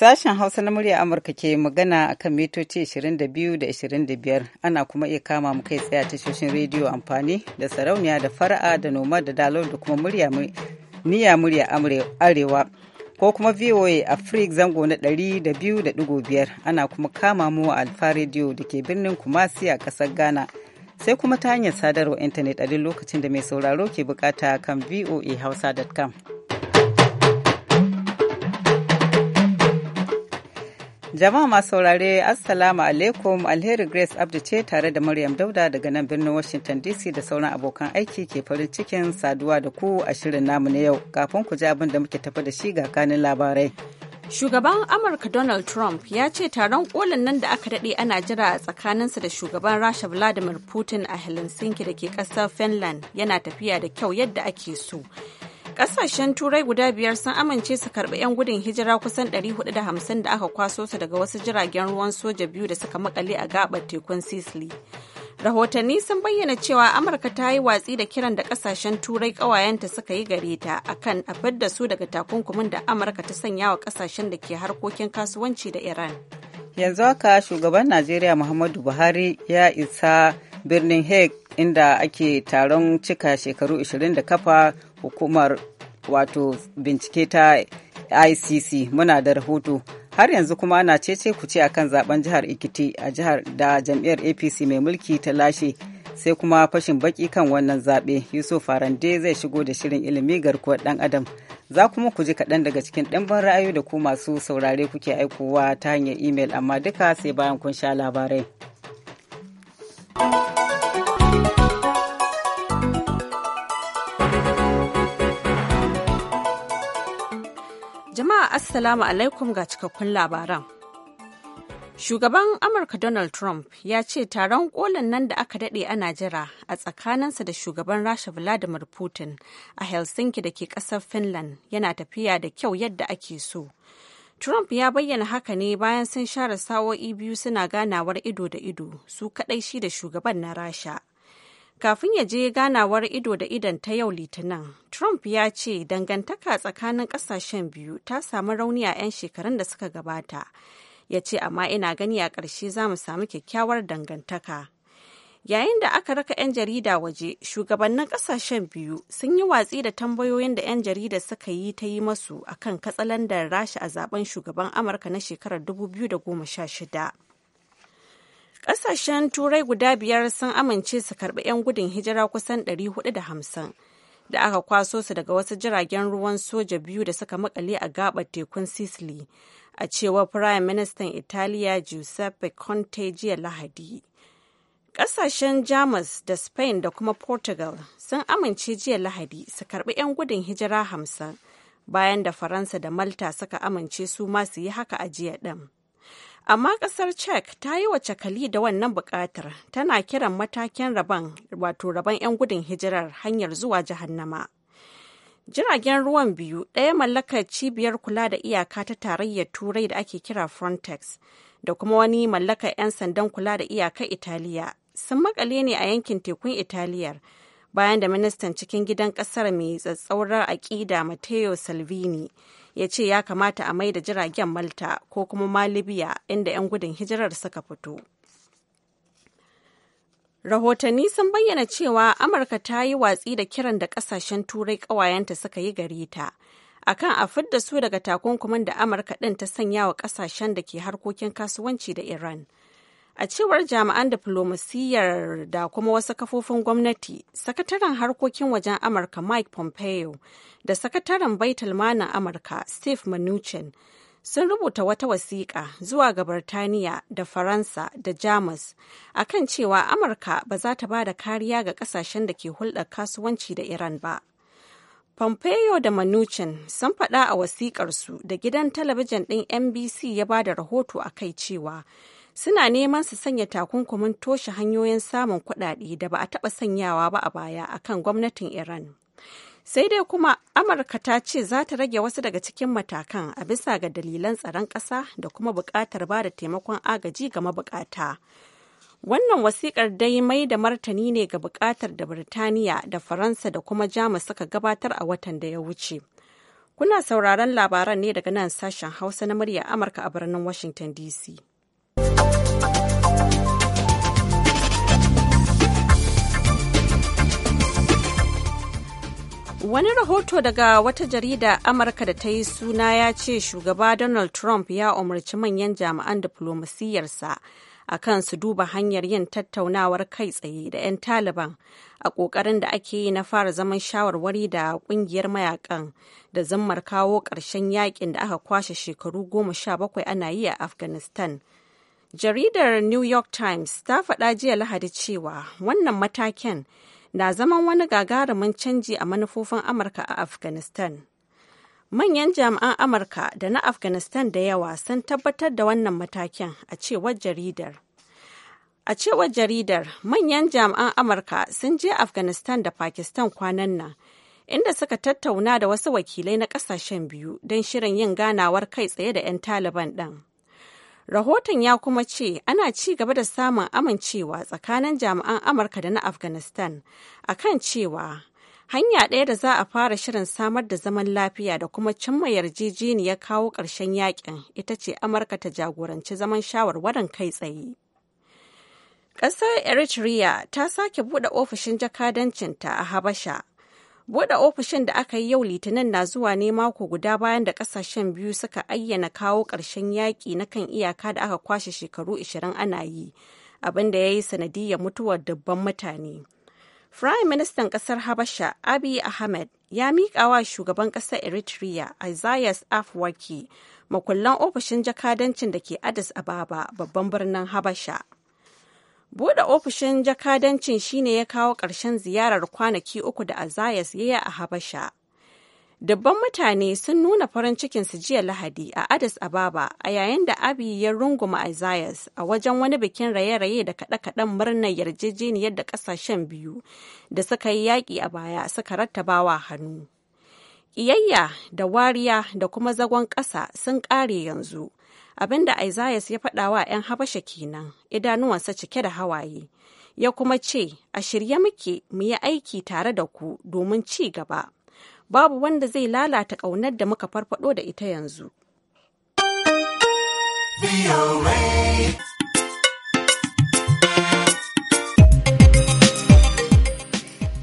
Sashen Hausa na murya Amurka ke magana akan mitoci 22 da 25 ana kuma iya kama mu kai tsaye tashoshin rediyo amfani da sarauniya da fara'a da noma da dalo da kuma murya niya murya arewa ko kuma VOA Africa zango na 200.5 ana kuma kama mu a Alfa rediyo da ke birnin Kumasi a ƙasar Ghana. Sai kuma ta hanyar sadarwa intanet a duk lokacin da mai sauraro ke bukata kan voahausa.com. Jama'a masu saurare Assalamu alaikum Alheri Grace Abdu ce tare da Maryam Dauda daga nan birnin Washington DC da sauran abokan aiki ke farin cikin saduwa da ku a shirin namu na yau kafin ku ji abin da muke tafi da shi ga kanin labarai. Shugaban Amurka Donald Trump ya ce taron kolin nan da aka daɗe ana jira a tsakaninsa da shugaban Rasha Vladimir Putin a Helsinki da ke ƙasar Finland yana tafiya da kyau yadda ake so. Ƙasashen Turai guda biyar sun amince su karɓi 'yan gudun hijira kusan 450 da aka kwaso su daga wasu jiragen ruwan soja biyu da suka makale a gabar tekun Sicily. Rahotanni sun bayyana cewa Amurka ta yi watsi da kiran da ƙasashen Turai ƙawayenta suka yi gare ta akan a fidda su daga takunkumin da Amurka ta sanya wa ƙasashen da ke harkokin kasuwanci da Iran. Yanzu haka shugaban Najeriya Muhammadu Buhari ya isa birnin hague inda ake taron cika shekaru 20 da kafa hukumar wato bincike ta icc muna da rahoto har yanzu kuma ana cece ku ce akan zaben jihar ikiti a jihar da jam'iyyar apc mai mulki ta lashe sai kuma fashin baki kan wannan zaɓe yusuf farande zai shigo da shirin ilimi garkuwar dan adam za kuma ku ji kaɗan daga cikin ɗimbin ra'ayoyi da ku masu saurare kuke aikowa ta hanyar imel amma duka sai bayan kun sha labarai Jama'a Assalamu alaikum ga cikakkun labaran. Shugaban Amurka Donald Trump ya ce taron kolin nan da aka daɗe ana jira a tsakaninsa da shugaban Rasha Vladimir Putin a Helsinki da ke ƙasar Finland yana tafiya da kyau yadda ake so. Trump ya bayyana haka ne bayan sun share sawo'i biyu suna ganawar ido da ido su kaɗai shi da shugaban na Rasha. Kafin ya je ganawar ido da idon ta yau Litinin, Trump ya ce dangantaka tsakanin ƙasashen biyu ta samu rauni a 'yan shekarun da suka gabata. Ya ce amma ina gani a ƙarshe za mu samu kyakkyawar dangantaka. Yayin da aka raka 'yan jarida waje, shugabannin kasashen biyu sun yi watsi da tambayoyin da 'yan jarida suka yi ta yi masu akan katsalandar rasha a zaben shugaban Amurka na shekarar 2016. kasashen Turai guda biyar sun amince su karɓi 'yan gudun hijira kusan 450 da aka kwaso su daga wasu jiragen ruwan soja biyu da suka makale a gabar tekun Sicily, a cewar Firayim Ministan Italiya Giuseppe Conte jiya Lahadi. Ƙasashen Jamus da Spain da kuma Portugal sun amince jiya Lahadi su karɓi 'yan gudun hijira hamsin bayan da Faransa da Malta suka amince su ma su yi haka a jiya ɗin. Amma ƙasar Czech ta yi wa cakali da wannan buƙatar tana kiran matakin rabon wato rabon 'yan gudun hijirar hanyar zuwa jahannama. Jiragen ruwan biyu ɗaya mallakar cibiyar kula da iyaka ta tarayyar Turai da ake kira Frontex da kuma wani mallakar 'yan sandan kula da iyaka Italiya sun makale ne a yankin tekun italiyar bayan da ministan cikin gidan kasar mai tsatsaurar aƙida matteo salvini ya ce ya kamata a mai da jiragen malta ko kuma malibiya libya inda 'yan gudun hijirar suka fito rahotanni sun bayyana cewa amurka ta yi watsi da kiran da kasashen turai ƙawayenta suka yi gare ta akan a fidda su daga takunkumin da amurka ɗin ta sanya wa kasashen da ke harkokin kasuwanci da iran A cewar jami'an diflomasiyyar da kuma wasu kafofin gwamnati, sakataren harkokin wajen Amurka Mike Pompeo da sakataren baitul manin Amurka Steve Mnuchin sun rubuta wata wasiƙa zuwa ga Birtaniya da Faransa da Jamus a kan cewa Amurka ba za ta ba da kariya ga ƙasashen da ke hulɗar kasuwanci da Iran ba. Pompeo da Mnuchin sun faɗa a wasiƙarsu da gidan talabijin ɗin NBC ya ba da rahoto a kai cewa suna neman su sanya takunkumin toshe hanyoyin samun kuɗaɗe da ba a taɓa sanyawa ba a baya a kan gwamnatin Iran. Sai dai kuma Amurka ta ce za ta rage wasu daga cikin matakan a bisa ga dalilan tsaron ƙasa da kuma buƙatar ba da taimakon agaji ga mabuƙata. Wannan wasiƙar dai mai da martani ne ga buƙatar da Birtaniya da Faransa da kuma Jamus suka gabatar a watan da ya wuce. Kuna sauraron labaran ne daga nan sashen Hausa na murya Amurka a birnin Washington DC. Wani rahoto daga wata jarida Amurka da ta yi suna ya ce shugaba Donald Trump ya umarci manyan jami'an diflomasiyyarsa a kan su duba hanyar yin tattaunawar kai tsaye da 'yan Taliban a ƙoƙarin da ake yi na fara zaman shawarwari da ƙungiyar mayakan da zammar kawo ƙarshen yakin da aka kwashe shekaru goma sha bakwai ana yi a Afghanistan. Jaridar New York Times ta faɗa jiya Lahadi cewa wannan mataken na zaman wani gagarumin canji a manufofin Amurka a Afghanistan. Manyan jami'an Amurka da na Afghanistan da yawa sun tabbatar da wannan mataken a cewar jaridar. A cewar jaridar, manyan jami'an Amurka sun je Afghanistan da Pakistan kwanan nan, inda suka tattauna da wasu wakilai na kasashen biyu don shirin yin ganawar kai tsaye da 'yan Taliban ɗin. Rahoton ya kuma ce ana ci gaba da samun amincewa tsakanin jami'an Amurka da na Afghanistan a kan cewa hanya ɗaya da za a fara shirin samar da zaman lafiya da kuma cimma yarjejeniyar kawo ƙarshen yakin ita ce Amurka ta jagoranci zaman shawarwarin kai tsaye. Ƙasar Eritrea ta sake buɗe ofishin jakadancinta a Habasha Buɗe ofishin da aka yi yau Litinin na zuwa ne mako guda bayan da ƙasashen biyu suka ayyana kawo ƙarshen yaƙi na kan iyaka da aka kwashe shekaru 20 ana yi, abin da ya yi sanadiyar mutuwar dubban mutane. Firayim Ministan ƙasar Habasha Abiy Ahmed ya miƙa wa shugaban ƙasar Eritrea Isaias afwaki makullan ofishin jakadancin da ke Addis Ababa babban birnin Habasha. Buɗe ofishin jakadancin shine ya kawo ƙarshen ziyarar kwanaki uku da Azayas ya yi a Habasha. Dabban mutane sun nuna farin cikinsu jiya Lahadi a Addis Ababa a yayin da Abi ya runguma Azayas a wajen wani bikin raye-raye da kaɗe-kaɗen murnar yarjejeniyar da ƙasashen biyu da suka yi yaƙi a baya suka rattabawa hannu. Iyayya da wariya da kuma zagon ƙasa sun ƙare yanzu. Abin da Isaias ya faɗa wa 'yan Habasha kenan idanuwansa cike da hawaye ya kuma ce a shirye muke mu yi aiki tare da ku domin ci gaba babu wanda zai lalata ƙaunar da muka farfado da ita yanzu.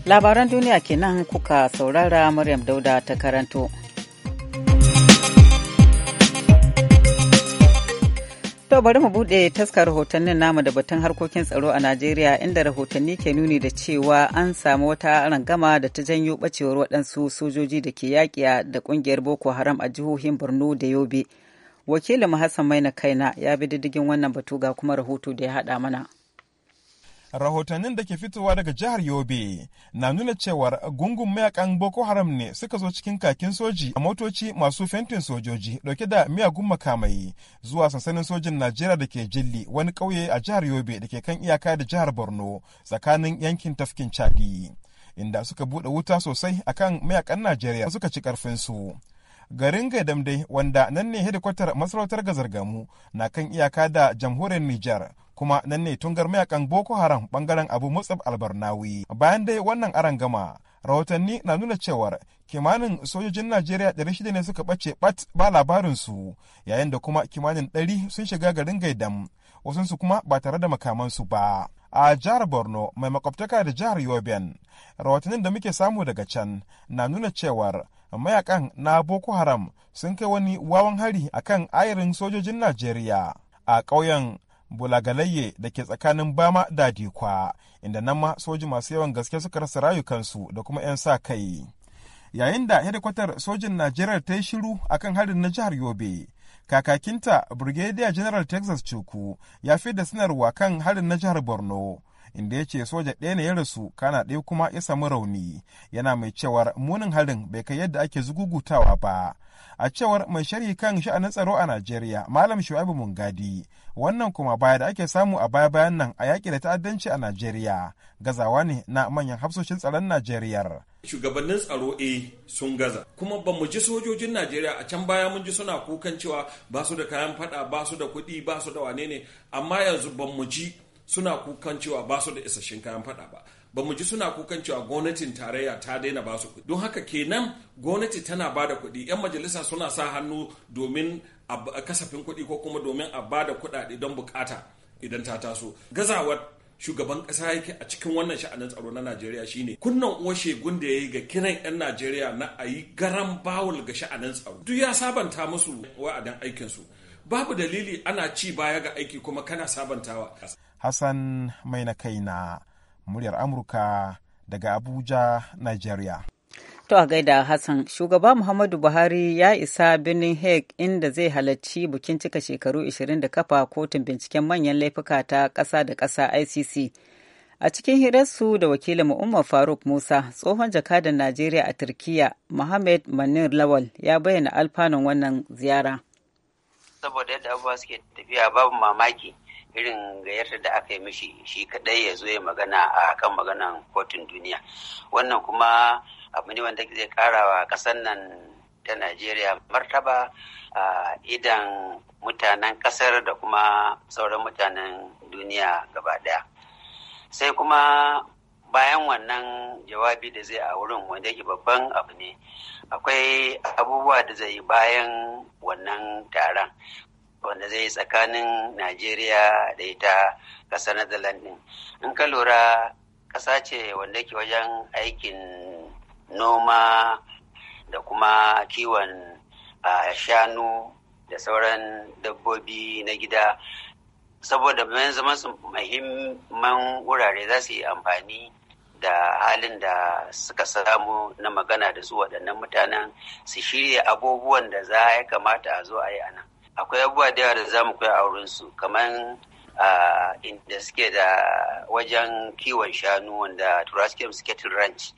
Labaran duniya kenan kuka saurara Maryam Dauda ta karanto. To bari mu bude taskar rahotannin namu da batun harkokin tsaro a Najeriya inda rahotanni ke nuni da cewa an samu wata rangama da ta janyo bacewar waɗansu sojoji da ke yaƙi da ƙungiyar Boko Haram a jihohin Borno da Yobe. Wakilin Hassan Maina Kaina ya bi diddigin wannan batu ga kuma rahoto da ya haɗa mana. rahotannin da ke fitowa daga jihar yobe na nuna cewar gungun mayakan boko haram ne suka zo cikin kakin soji a motoci masu fentin sojoji dauke da miyagun makamai zuwa sansanin sojin najeriya da ke jilli wani kauye a jihar yobe da ke kan iyaka da jihar borno tsakanin yankin tafkin chadi inda suka buɗe wuta sosai akan mayakan najeriya suka ci karfinsu garin gaidam dai wanda nan ne hedikwatar masarautar gazargamu na kan iyaka da jamhuriyar Nijar kuma nan ne tungar mayakan boko haram bangaren abu mutsab albarnawi bayan dai wannan aron gama rahotanni na nuna cewar kimanin sojojin najeriya 600 ne suka ɓace bat ba labarinsu yayin da kuma kimanin ɗari sun shiga garin gaidam wasunsu kuma ba tare da makamansu ba a jihar borno mai makwabtaka da jihar yobin rahotannin da muke samu daga can na nuna cewar mayakan na boko haram sun kai wani wawan hari akan ayarin sojojin najeriya a ƙauyen bulagalayye da ke tsakanin bama da dikwa inda nan ma soji masu yawan gaske suka rasa rayukansu da kuma 'yan sa kai yayin da hedikwatar sojin najeriya ta yi shiru a kan harin na jihar yobe kakakinta brigadier general texas cuku ya fi da sanarwa kan harin na jihar borno inda ya ce soja ɗaya ne ya rasu kana ɗaya kuma ya samu rauni yana mai cewar munin harin bai kai yadda ake zugugutawa ba a cewar mai sharhi kan sha'anin tsaro a najeriya malam shu'aibu gadi wannan kuma baya da ake samu a baya bayan nan a yaƙi da ta'addanci a najeriya gazawa ne na manyan hafsoshin tsaron najeriya shugabannin tsaro a eh, sun gaza kuma ba mu ji sojojin najeriya a can baya mun ji suna kukan cewa ba su da kayan fada ba su da kuɗi ba su da wane ne amma yanzu ba mu ji suna kukan cewa ba su da isasshen kayan fada ba ba mu ji suna kukan cewa gwamnatin tarayya ta daina ba su kuɗi don haka kenan gwamnati tana ba da kuɗi 'yan majalisa suna sa hannu domin a kasafin kuɗi ko kuma domin a ba da kuɗaɗe don bukata idan ta taso gazawar shugaban ƙasa yake a cikin wannan sha'anin tsaro na najeriya shine kunnan uwa shegun da ya yi ga kiran 'yan najeriya na a yi garan bawul ga sha'anin tsaro duk ya sabanta musu wa'adin aikinsu babu dalili ana ci baya ga aiki kuma kana sabantawa hassan mai na kai na muryar amurka daga abuja nigeria To a gaida Hassan, shugaba Muhammadu Buhari ya isa birnin Hague inda zai halarci bikin cika shekaru 20 da kafa kotun binciken manyan laifuka ta ƙasa da ƙasa ICC. A cikin hirarsu da wakilin Umar Faruk Musa, tsohon jakadan Najeriya a Turkiyya, Mohammed Manir Lawal ya bayyana alfanun wannan ziyara. saboda yadda abubuwa suke tafiya babu mamaki irin gayyatar da aka yi mishi shi kadai ya zo ya magana a kan maganan kotun duniya wannan kuma abu ne wanda zai kara wa kasar nan ta najeriya martaba a idan mutanen kasar da kuma sauran mutanen duniya gaba daya sai kuma bayan wannan jawabi da zai a wurin wanda yake babban abu ne akwai abubuwa da zai bayan wannan taron wanda zai tsakanin najeriya da ita ƙasar netherlands din in ka lura ƙasa ce wanda ke wajen aikin noma da kuma kiwon shanu da sauran dabbobi na gida saboda bayan zama su mahimman wurare za su yi amfani da halin da suka samu na magana da su waɗannan mutanen su shirya abubuwan da za ya kamata a zo a yi anan akwai abubuwa da yawa da za mu koya a wurinsu kamar inda suke da wajen kiwon shanu wanda turaskiyar suke ranch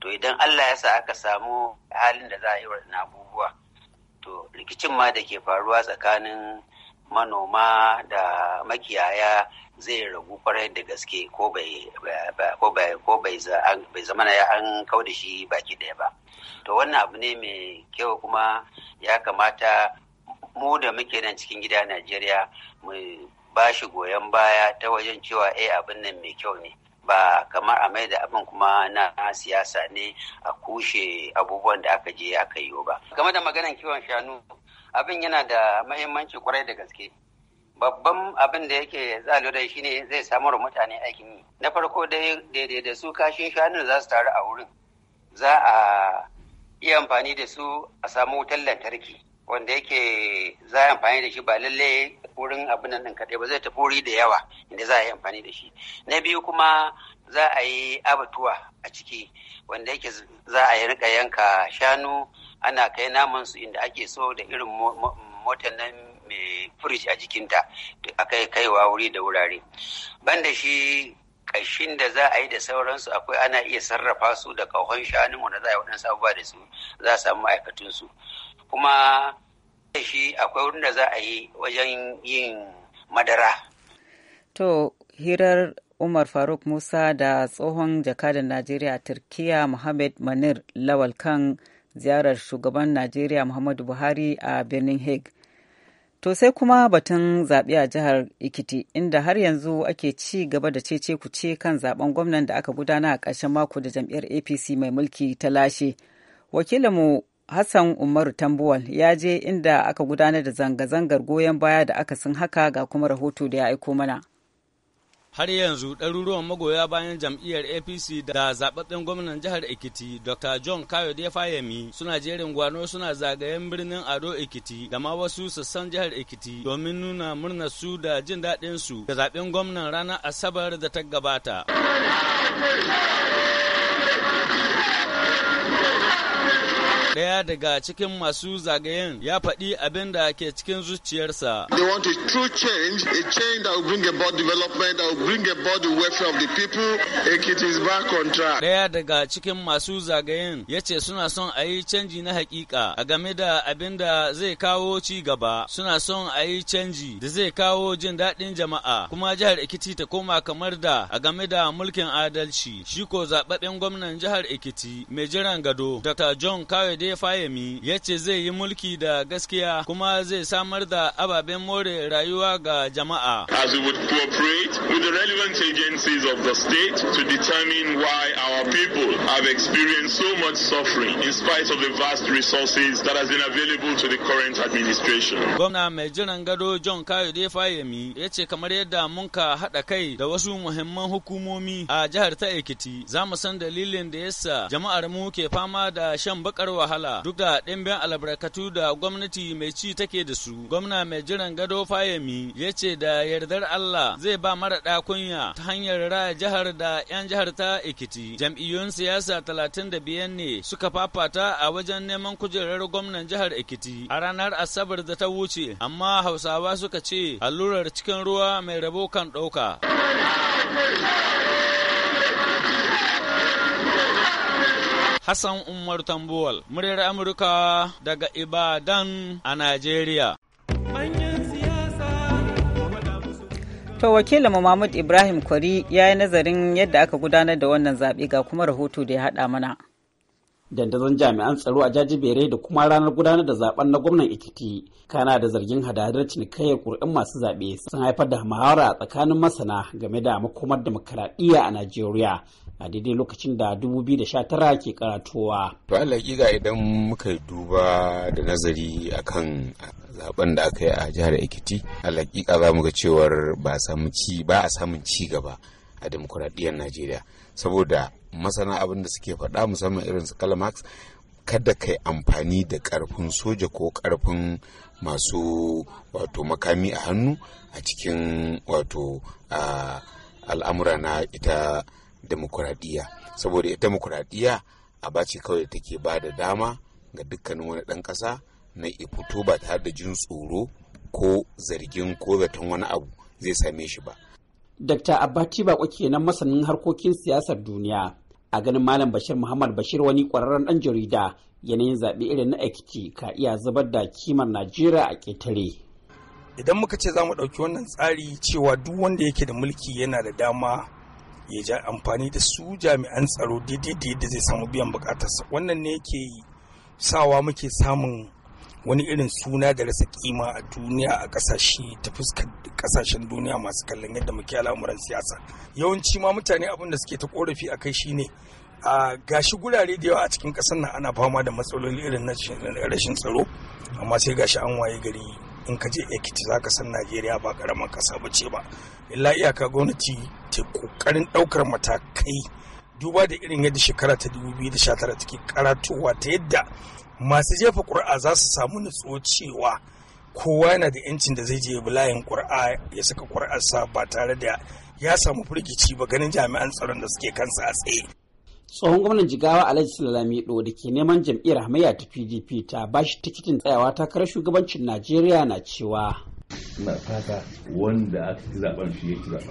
to idan allah ya sa aka samu halin da za a yi waɗannan abubuwa to rikicin ma da ke faruwa tsakanin manoma da makiyaya zai ragu kwarai da gaske ko bai zama ya an kau da shi baki daya ba to wannan abu ne mai kyau kuma ya kamata mu da muke nan cikin gida najeriya mu ba shi goyon baya ta wajen cewa eh abin nan mai kyau ne ba kamar a mai da abin kuma na siyasa ne a kushe abubuwan da aka je aka yi ba game da maganan kiwon shanu abin yana da mahimmanci kwarai da gaske babban abin da yake za da shi ne zai samar mutane aikin yi na farko daidai da su kashin shanu za su taru a wurin za a iya amfani da su a samu wutar lantarki wanda yake za a amfani da shi ba lalle wurin abin nan kaɗai ba zai tafi wuri da yawa inda za a yi amfani da shi na biyu kuma za a yi abatuwa a ciki wanda yake za a yi rika yanka shanu ana kai naman su inda ake so da irin motan nan mai furish a jikinta duk kaiwa wuri da wurare banda shi kashin da za a yi da sauransu akwai ana iya sarrafa su da kahon shanun wanda za a yi waɗansu abubuwa da su za a samu ma'aikatunsu kuma da shi akwai wurin da za a yi wajen yin madara to hirar umar faruk musa da tsohon jakadan najeriya turkiya muhammad manir lawal kan ziyarar shugaban najeriya muhammadu buhari a birnin hague To sai kuma batun zaɓe a jihar Ikiti inda har yanzu ake ci gaba da cece ku ce kan zaɓen gwamnan da aka gudana a ƙarshen mako da jam'iyyar APC mai mulki ta lashe. Wakilinmu Hassan Umaru Tambuwal ya je inda aka gudanar da zanga-zangar goyon baya da aka sun haka ga kuma rahoto da ya aiko mana. har yanzu ɗaruruwan magoya bayan jam'iyyar apc da zaɓaɓɓen gwamnan jihar ekiti dr john kayode fayemi suna jerin gwano suna zagayen birnin ado ekiti da ma wasu sassan jihar ekiti domin nuna murnar su da jin daɗin su da zaɓen gwamnan ranar asabar da ta gabata Ɗaya daga cikin masu zagayen ya faɗi abin da ke cikin zuciyarsa. They want a true change, a change that will bring about development, that will bring about the welfare of the people. it is back on track. Ɗaya daga cikin masu zagayen ya ce suna son a yi canji na hakika a game da abin da zai kawo ci gaba. Suna son a yi canji da zai kawo jin daɗin jama'a kuma jihar Ekiti ta koma kamar da a game da mulkin adalci. Shi ko zaɓaɓɓen gwamnan jihar Ekiti mai jiran gado Dr. John Kawai Adefayemi ya ce zai yi mulki da gaskiya kuma zai samar da ababen more rayuwa ga jama'a. As we would cooperate with the relevant agencies of the state to determine why our people have experienced so much suffering in spite of the vast resources that has been available to the current administration. Gwamna mai jiran gado John Kayode Fayemi ya ce kamar yadda mun ka haɗa kai da wasu muhimman hukumomi a jihar ta Ekiti za mu san dalilin da yasa jama'ar mu ke fama da shan bakar wahala wahala duk da ɗimbin albarkatu da gwamnati mai ci take da su. Gwamna mai jiran gado fayami. ya ce da yardar Allah zai ba mara kunya ta hanyar raya jihar da 'yan jihar ta ikiti. Jam'iyyun siyasa talatin da biyan ne suka fafata a wajen neman kujerar gwamnan jihar ikiti a ranar Asabar da ta wuce, amma Hausawa suka ce allurar cikin ruwa mai rabo kan ɗauka. Hassan Umar Tambuwal, muryar Amurka daga Ibadan a Najeriya. To wakilin Mahmud Ibrahim Kwari ya yi nazarin yadda aka gudanar da wannan zaɓe ga kuma rahoto da ya haɗa mana. dandazon jami'an tsaro a jajibere da kuma ranar gudanar da zaben na gwamnan ikiti kana da zargin hadadar cinikayyar ƙuri'un masu zaɓe sun haifar da muhawara a tsakanin masana game da makomar demokaradiyya a najeriya a daidai lokacin da 2019 ke karatuwa to allah ga idan muka duba da nazari akan zaben da aka yi a jihar ekiti allah hakika za mu ga cewar ba a samun ci gaba a demokuraɗiyyar najeriya saboda masana abin da suke faɗa musamman irin su kalamax kada ka yi amfani da ƙarfin soja ko karfin masu wato makami a hannu a cikin wato al'amura na ita demokuraɗiyya saboda ita demokuraɗiyya a bace kawai take ba da dama ga dukkanin wani ɗan ƙasa na fito ba tare da jin tsoro ko zargin ko zaton wani abu zai same shi ba Dr. Abati Bako kenan masanin harkokin siyasar duniya. A ganin Malam Bashir Muhammad Bashir wani ƙwararren ɗan jarida yanayin zaɓe irin na Ekiti ka iya zubar da kimar Najeriya a ƙetare. Idan muka ce za mu ɗauki wannan tsari cewa duk wanda yake da mulki yana da dama ya ja amfani da su jami'an tsaro daidai da zai samu biyan buƙatarsa wannan ne yake sawa muke samun wani irin suna da rasa kima a duniya a kasashe ta fuskar kasashen duniya masu kallon yadda muke al'amuran siyasa yawanci ma mutane abin da suke ta korafi a kai shine a gashi gurare da yawa a cikin kasar nan ana fama da matsaloli irin na rashin tsaro amma sai gashi an waye gari in ka je ekiti zaka san najeriya ba karamar kasa ba ce ba illa iyaka gwamnati ta kokarin daukar matakai duba da irin yadda shekara ta 2019 take karatowa ta yadda masu jefa ƙuri'a za su samu nutsuwa cewa kowa yana da yancin da zai je layin ƙuri'a ya saka ƙura'arsa ba tare da ya samu firgici ba ganin jami'an tsaron da suke kansa a tsaye. tsohon gwamnan jigawa alhaji sulalami do da ke neman jam'iyyar hamayya ta pdp ta bashi tikitin tsayawa takarar shugabancin najeriya na cewa. ina fata wanda aka ci zaben shi ya ci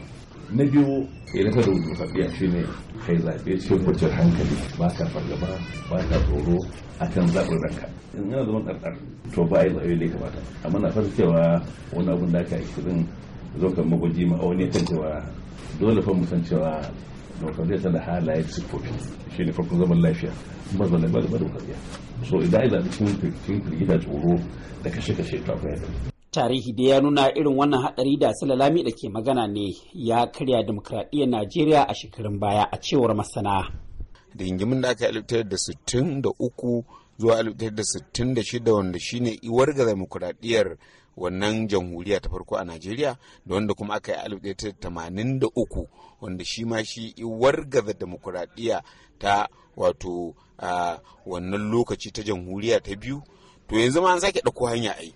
na biyu idan ka wujo tafiya ne kai zaɓe cikin kwanciyar hankali ba ka fargaba ba ka tsoro akan zaɓin ranka in yana zama ɗarɗar to ba a yi zaɓe da ya kamata amma na fata cewa wani abun da aka yi kirin zokan magwaji wani kan cewa dole fa mu san cewa dokar zai tana halaye siffofi shi ne farkon zaman lafiya mazalar ba da ba da so idan ai zaɓi cikin firgita tsoro da kashe-kashe to akwai tarihi da ya nuna irin wannan hadari da salalami da ke magana ne ya karya demokradiyyar najeriya a shekarun baya a cewar masana da ingimin da aka yi da 63 zuwa alif da 66 da wanda shine iwar ga demokradiyyar wannan jamhuriya ta farko a najeriya da wanda kuma aka yi alif da 83 wanda shi ma shi iwar ga demokradiyya ta wato wannan lokaci ta jamhuriya ta biyu to yanzu ma an sake ɗauko hanya ai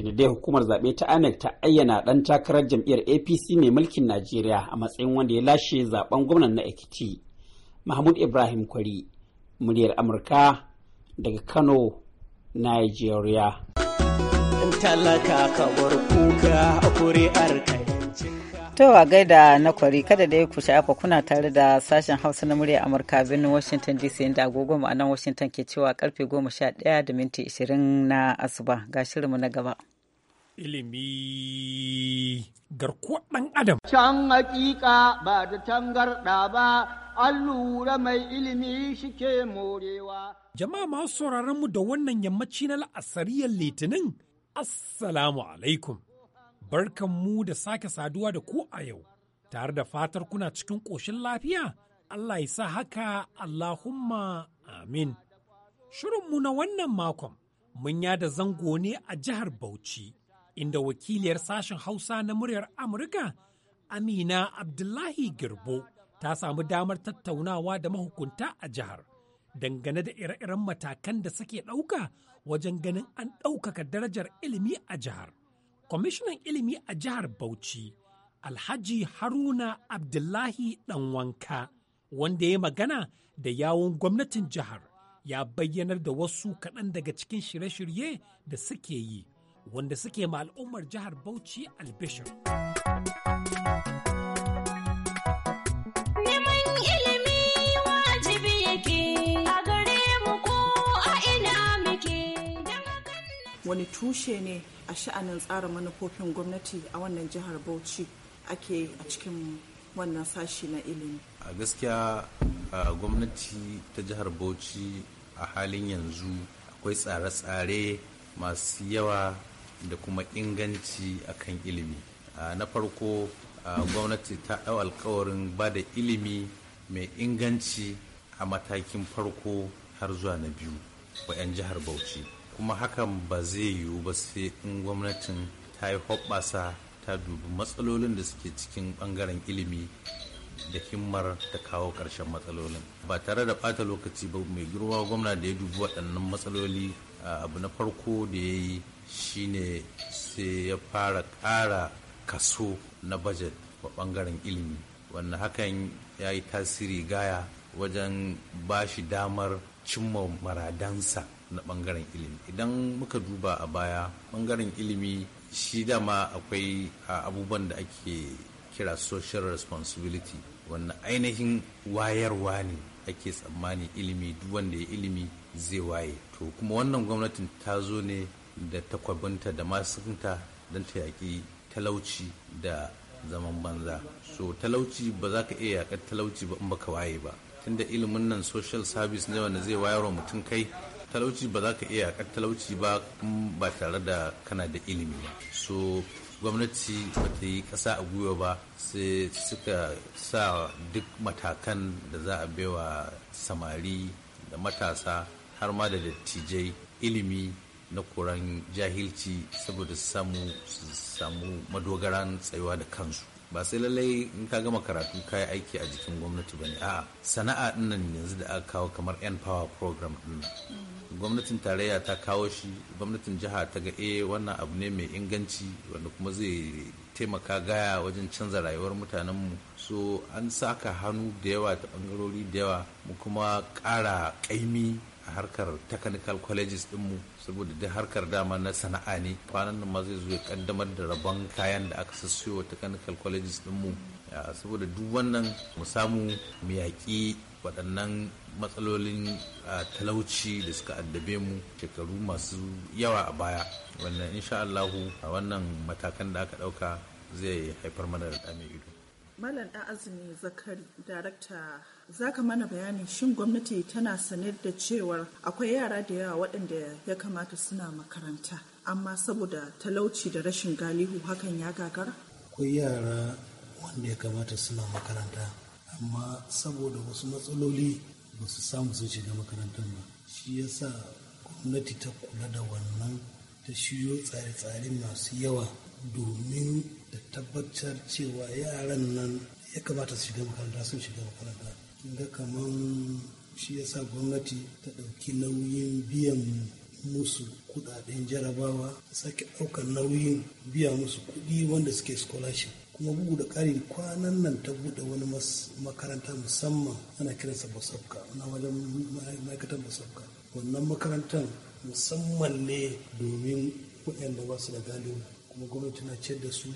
da dai hukumar zaɓe ta INEC ta ayyana ɗan takarar jam'iyyar APC mai mulkin Najeriya a matsayin wanda ya lashe zaɓen gwamnan na Ekiti. Mahmud Ibrahim Kwari, muryar Amurka daga Kano, Nigeria. Talaka kamar kuka kuri'ar kai. To a gaida na kwari kada da ya ku sha'afa kuna tare da sashen Hausa na murya Amurka birnin Washington DC inda agogo mu a nan Washington ke cewa karfe goma sha 11 da minti 20 na asuba ga shirinmu na gaba. Ilimi garkuwa ɗan Adam. Can hakika ba da tangarɗa ba, allura mai ilimi shike morewa. Jama'a masu sauraron mu da wannan yammaci na la'asariyar Litinin, Assalamu alaikum. barkan mu da sake saduwa da ku a yau, tare da fatar kuna cikin ƙoshin lafiya, Allah ya sa haka Allahumma amin. Shirinmu na wannan makon mun yada zango ne a jihar Bauchi, inda wakiliyar sashen Hausa na muryar Amurka, Amina Abdullahi Girbo, ta samu damar tattaunawa da mahukunta a jihar. dangane da ire-iren matakan da suke ɗauka wajen ganin an ɗaukaka darajar ilimi a jihar. kwamishinan ilimi a jihar Bauchi, Alhaji Haruna Abdullahi Ɗanwanka, wanda ya magana da yawon gwamnatin jihar, ya bayyanar da wasu kaɗan daga cikin shirye-shirye da suke yi, wanda suke ma al'ummar jihar Bauchi albishir. wani tushe ne a sha'anin tsara manufofin gwamnati a wannan jihar bauchi ake a cikin wannan sashi na ilimi a gaskiya gwamnati ta jihar bauchi a halin yanzu akwai tsare-tsare masu yawa da kuma inganci akan ilimi na farko gwamnati ta ɗau alkawarin ba da ilimi mai inganci a matakin farko har zuwa na biyu wa 'yan jihar bauchi kuma hakan ba zai yiwu ba sai in gwamnatin ta yi hoɓasa ta dubi matsalolin da suke cikin ɓangaren ilimi da himmar da kawo ƙarshen matsalolin ba tare da ɓata lokaci ba mai girma gwamna da ya dubi waɗannan matsaloli abu na farko da ya yi shine sai ya fara ƙara kaso na bajet wa ɓangaren ilimi wanda hakan ya yi tasiri gaya wajen ba shi damar cimma maradansa na bangaren ilimi idan muka duba a baya bangaren ilimi shi dama akwai abubuwan da ake kira social responsibility wannan ainihin wayarwa ne ake tsammani ilimi duk wanda ya ilimi zai waye to kuma wannan gwamnatin ta zo ne da takwabinta da masunta don ta yaƙi talauci da zaman banza so talauci ba za ka iya yaƙar talauci ba in baka waye ba tunda ilimin nan social service ne wanda zai wayarwa mutum kai talauci ba za ka iya yakar talauci ba ba tare da kana da ilimi ba so gwamnati ba ta yi ƙasa a gwiwa ba sai suka sa duk matakan da za a baiwa samari da matasa har ma da dattijai ilimi na koran jahilci saboda samu samu madogaran tsayuwa da kansu ba sai lallai in ka gama karatu ka yi aiki a jikin gwamnati ba ne a'a sana'a dinnan yanzu da aka kawo kamar yan power program dinnan gwamnatin tarayya ta kawo shi gwamnatin jiha ta ga e wannan abu ne mai inganci wanda kuma zai taimaka gaya wajen canza rayuwar mutanenmu so an saka hannu da yawa ta bangarori da yawa mu kuma ƙara ƙaimi a harkar technical colleges dinmu saboda duk harkar dama na sana'a ne kwanan nan ma zai zo ya kaddamar da rabon kayan da aka sassoyo technical colleges dinmu saboda duk wannan mu samu mu yaƙi waɗannan matsalolin ah, talauci da suka addabe mu shekaru masu yawa a baya wannan insha Allahu a wannan matakan da aka ɗauka zai haifar mana da mai ido. Malam ɗan azumi zakari darakta za mana bayanin shin gwamnati tana sanar da cewar akwai yara da yawa waɗanda ya kamata suna makaranta amma saboda talauci da rashin galihu hakan ya gagara? Akwai yara wanda ya kamata suna makaranta amma saboda wasu matsaloli ba su samu sun shiga makarantar ba shi yasa gwamnati ta kula da wannan ta shiyo tsare-tsare masu yawa domin da tabbatar cewa yaran nan ya kamata su shiga makaranta sun shiga makaranta ga kamar shi yasa gwamnati ta ɗauki nauyin biyan musu kudaden jarabawa ta sake ɗaukar nauyin biya musu kuɗi wanda suke scholarship kuma bugu da ƙari kwanan nan ta buɗe wani makaranta musamman ana kiransa basabka, na wajen ma'aikatar basabka. wannan makarantar musamman ne domin kuɗin da ba su da galibu kuma gwamnati na ciyar da su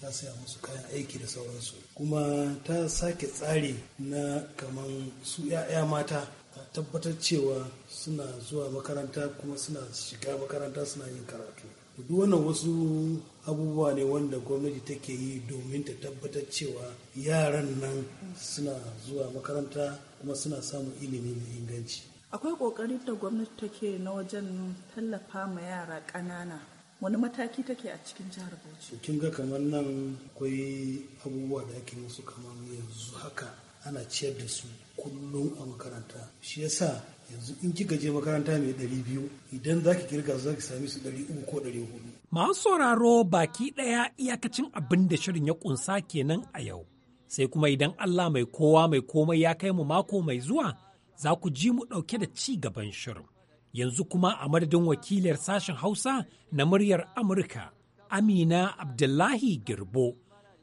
ta saya musu kayan aiki da sauransu kuma ta sake tsari na kaman su 'ya'ya mata a tabbatar cewa suna zuwa makaranta kuma suna shiga makaranta suna yin karatu duk wannan wasu abubuwa ne wanda gwamnati take yi domin ta tabbatar cewa yaran nan suna zuwa makaranta kuma suna samun ilimi mai inganci akwai ƙoƙari da gwamnati take na wajen tallafa ma yara ƙanana wani mataki take a cikin jihar bauchi kin ga kamar nan akwai abubuwa da ake musu kamar yanzu haka ana ciyar da su kullum a makaranta shi yasa yanzu in kika je makaranta mai ɗari biyu idan za ki kirga za ki sami su ɗari uku ko ɗari hudu. masu sauraro baki ɗaya iyakacin abin da shirin ya ƙunsa kenan a yau sai kuma idan allah mai kowa mai komai ya kai mu mako mai zuwa za ku ji mu ɗauke da ci gaban shirin yanzu kuma a madadin wakilar sashen hausa na muryar amurka amina abdullahi girbo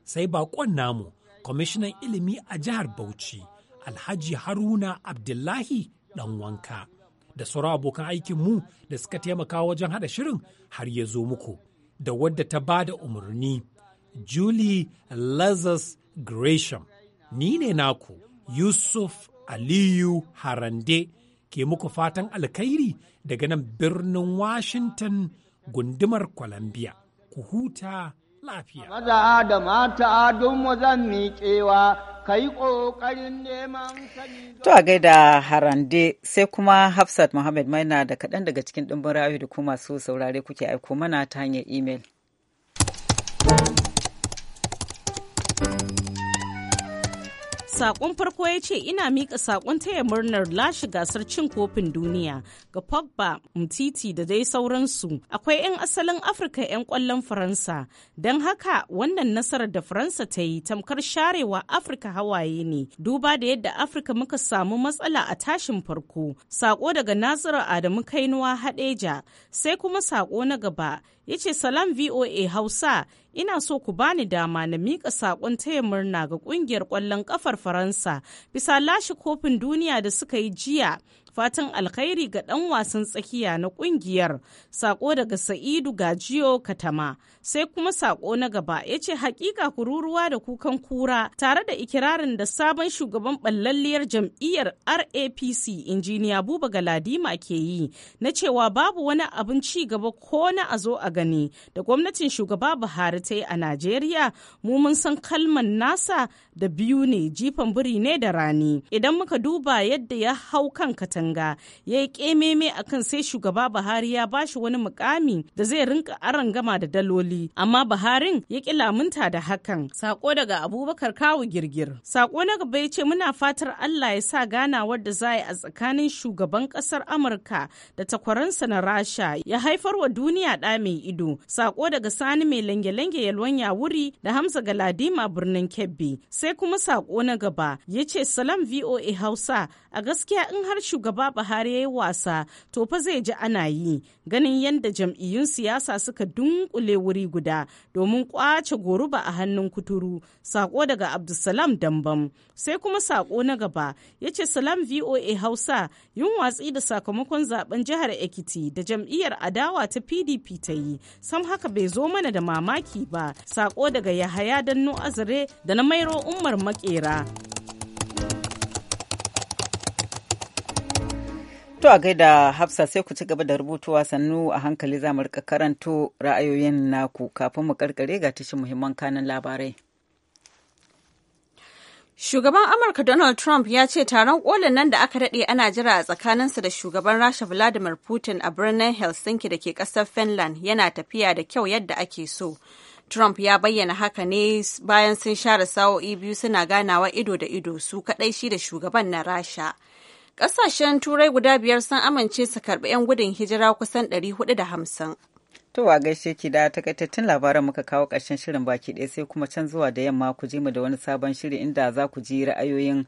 sai baƙon namu kwamishinan ilimi a jihar Bauchi, Alhaji Haruna Abdullahi ɗan wanka, da sauran abokan aikin mu da suka taimaka wajen haɗa shirin har ya zo muku, da wadda ta ba da umarni, Julie Lazarus Gresham, ni ne naku, Yusuf Aliyu Harande, ke muku fatan alkhairi daga nan birnin Washington gundumar Columbia. Ku huta Maza da mata don wazan miƙewa, ka yi neman To a gaida harande sai kuma Hafsat Muhammad Maina da kaɗan daga cikin ɗimbin rayu da kuma masu saurare kuke aiko mana ta hanyar imel. Sakon farko ya ce ina mika sakon taya murnar lashe gasar cin kofin duniya ga Pogba, Mtiti da dai sauransu. Akwai 'yan asalin Afirka 'yan kwallon Faransa. Don haka wannan nasarar da Faransa ta yi tamkar sharewa Afirka hawaye ne. Duba da yadda Afirka muka samu matsala a tashin farko. Sako daga Nasiru Adamu Kainuwa Hadeja. Sai kuma sako na gaba ya ce salam VOA Hausa ina so ku bani dama na miƙa saƙon taya murna ga ƙungiyar ƙwallon ƙafar Faransa bisa lashe kofin duniya da suka yi jiya fatan alkhairi ga ɗan wasan tsakiya na ƙungiyar sako daga sa'idu gajiyo katama sai kuma sako na gaba ya ce hakika kururuwa da kukan kura tare da ikirarin da sabon shugaban ɓallalliyar jam'iyyar rapc injiniya buba galadima ke yi na cewa babu wani abin ci gaba ko na a zo a gani da gwamnatin shugaba buhari ta yi a najeriya mu mun san kalman nasa da biyu ne jifan biri ne da rani idan muka duba yadda ya hau kan katama Katanga ya yi kememe a kan sai shugaba Buhari ya bashi wani mukami da zai rinka gama da daloli amma Buharin ya ƙi lamunta da hakan. Sako daga Abubakar Kawu Girgir. Sako na gaba ya ce muna fatar Allah ya sa ganawar da za a tsakanin shugaban ƙasar Amurka da takwaransa na Rasha ya haifar wa duniya ɗa mai ido. Sako daga Sani mai lange-lange yalwanya wuri da Hamza Galadima birnin Kebbi. Sai kuma sako na gaba ya ce Salam VOA Hausa a gaskiya in har shugaban shugaba Buhari ya yi wasa to fa zai ji ana yi ganin yadda jam'iyyun siyasa suka dunkule wuri guda domin kwace goruba a hannun kuturu sako daga Abdulsalam Dambam sai kuma sako na gaba yace Salam VOA Hausa yin watsi da sakamakon zaben jihar Ekiti da jam'iyyar adawa ta PDP ta yi sam haka bai zo mana da mamaki ba sako daga Yahaya Danno Azare da na Mairo Umar Makera. To a gaida Hafsa sai ku ci gaba da rubutuwa sannu a hankali za mu rika karanto ra'ayoyin naku kafin mu karkare ga tashin muhimman kanan labarai. Shugaban Amurka Donald Trump ya ce taron kolin nan da aka daɗe ana jira a tsakaninsa da shugaban Rasha Vladimir Putin a birnin Helsinki da ke ƙasar Finland yana tafiya da kyau yadda ake so. Trump ya bayyana haka ne bayan sun share sa'o'i biyu suna ganawa ido da ido su kaɗai shi da shugaban na Rasha. kasashen Turai guda biyar sun amince su karɓi 'yan gudun hijira kusan 450. To a gaishe ki da takaitattun labaran muka kawo ƙarshen shirin baki ɗaya sai kuma can zuwa da yamma ku je mu da wani sabon shiri inda za ku ji ra'ayoyin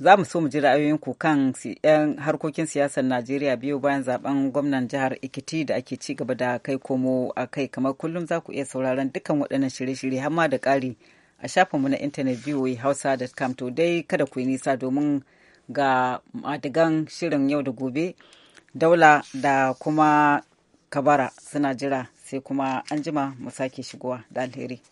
za mu so mu ji ra'ayoyin ku kan yan harkokin siyasar Najeriya biyu bayan zaben gwamnan jihar Ekiti da ake ci gaba da kai komo a kai kamar kullum za ku iya sauraron dukkan waɗannan shirye-shirye har ma da ƙari a shafinmu na intanet voahausa.com to dai kada ku yi nisa domin ga madigan shirin yau da gobe daula da kuma kabara suna jira sai kuma anjima jima mu sake shigowa da alheri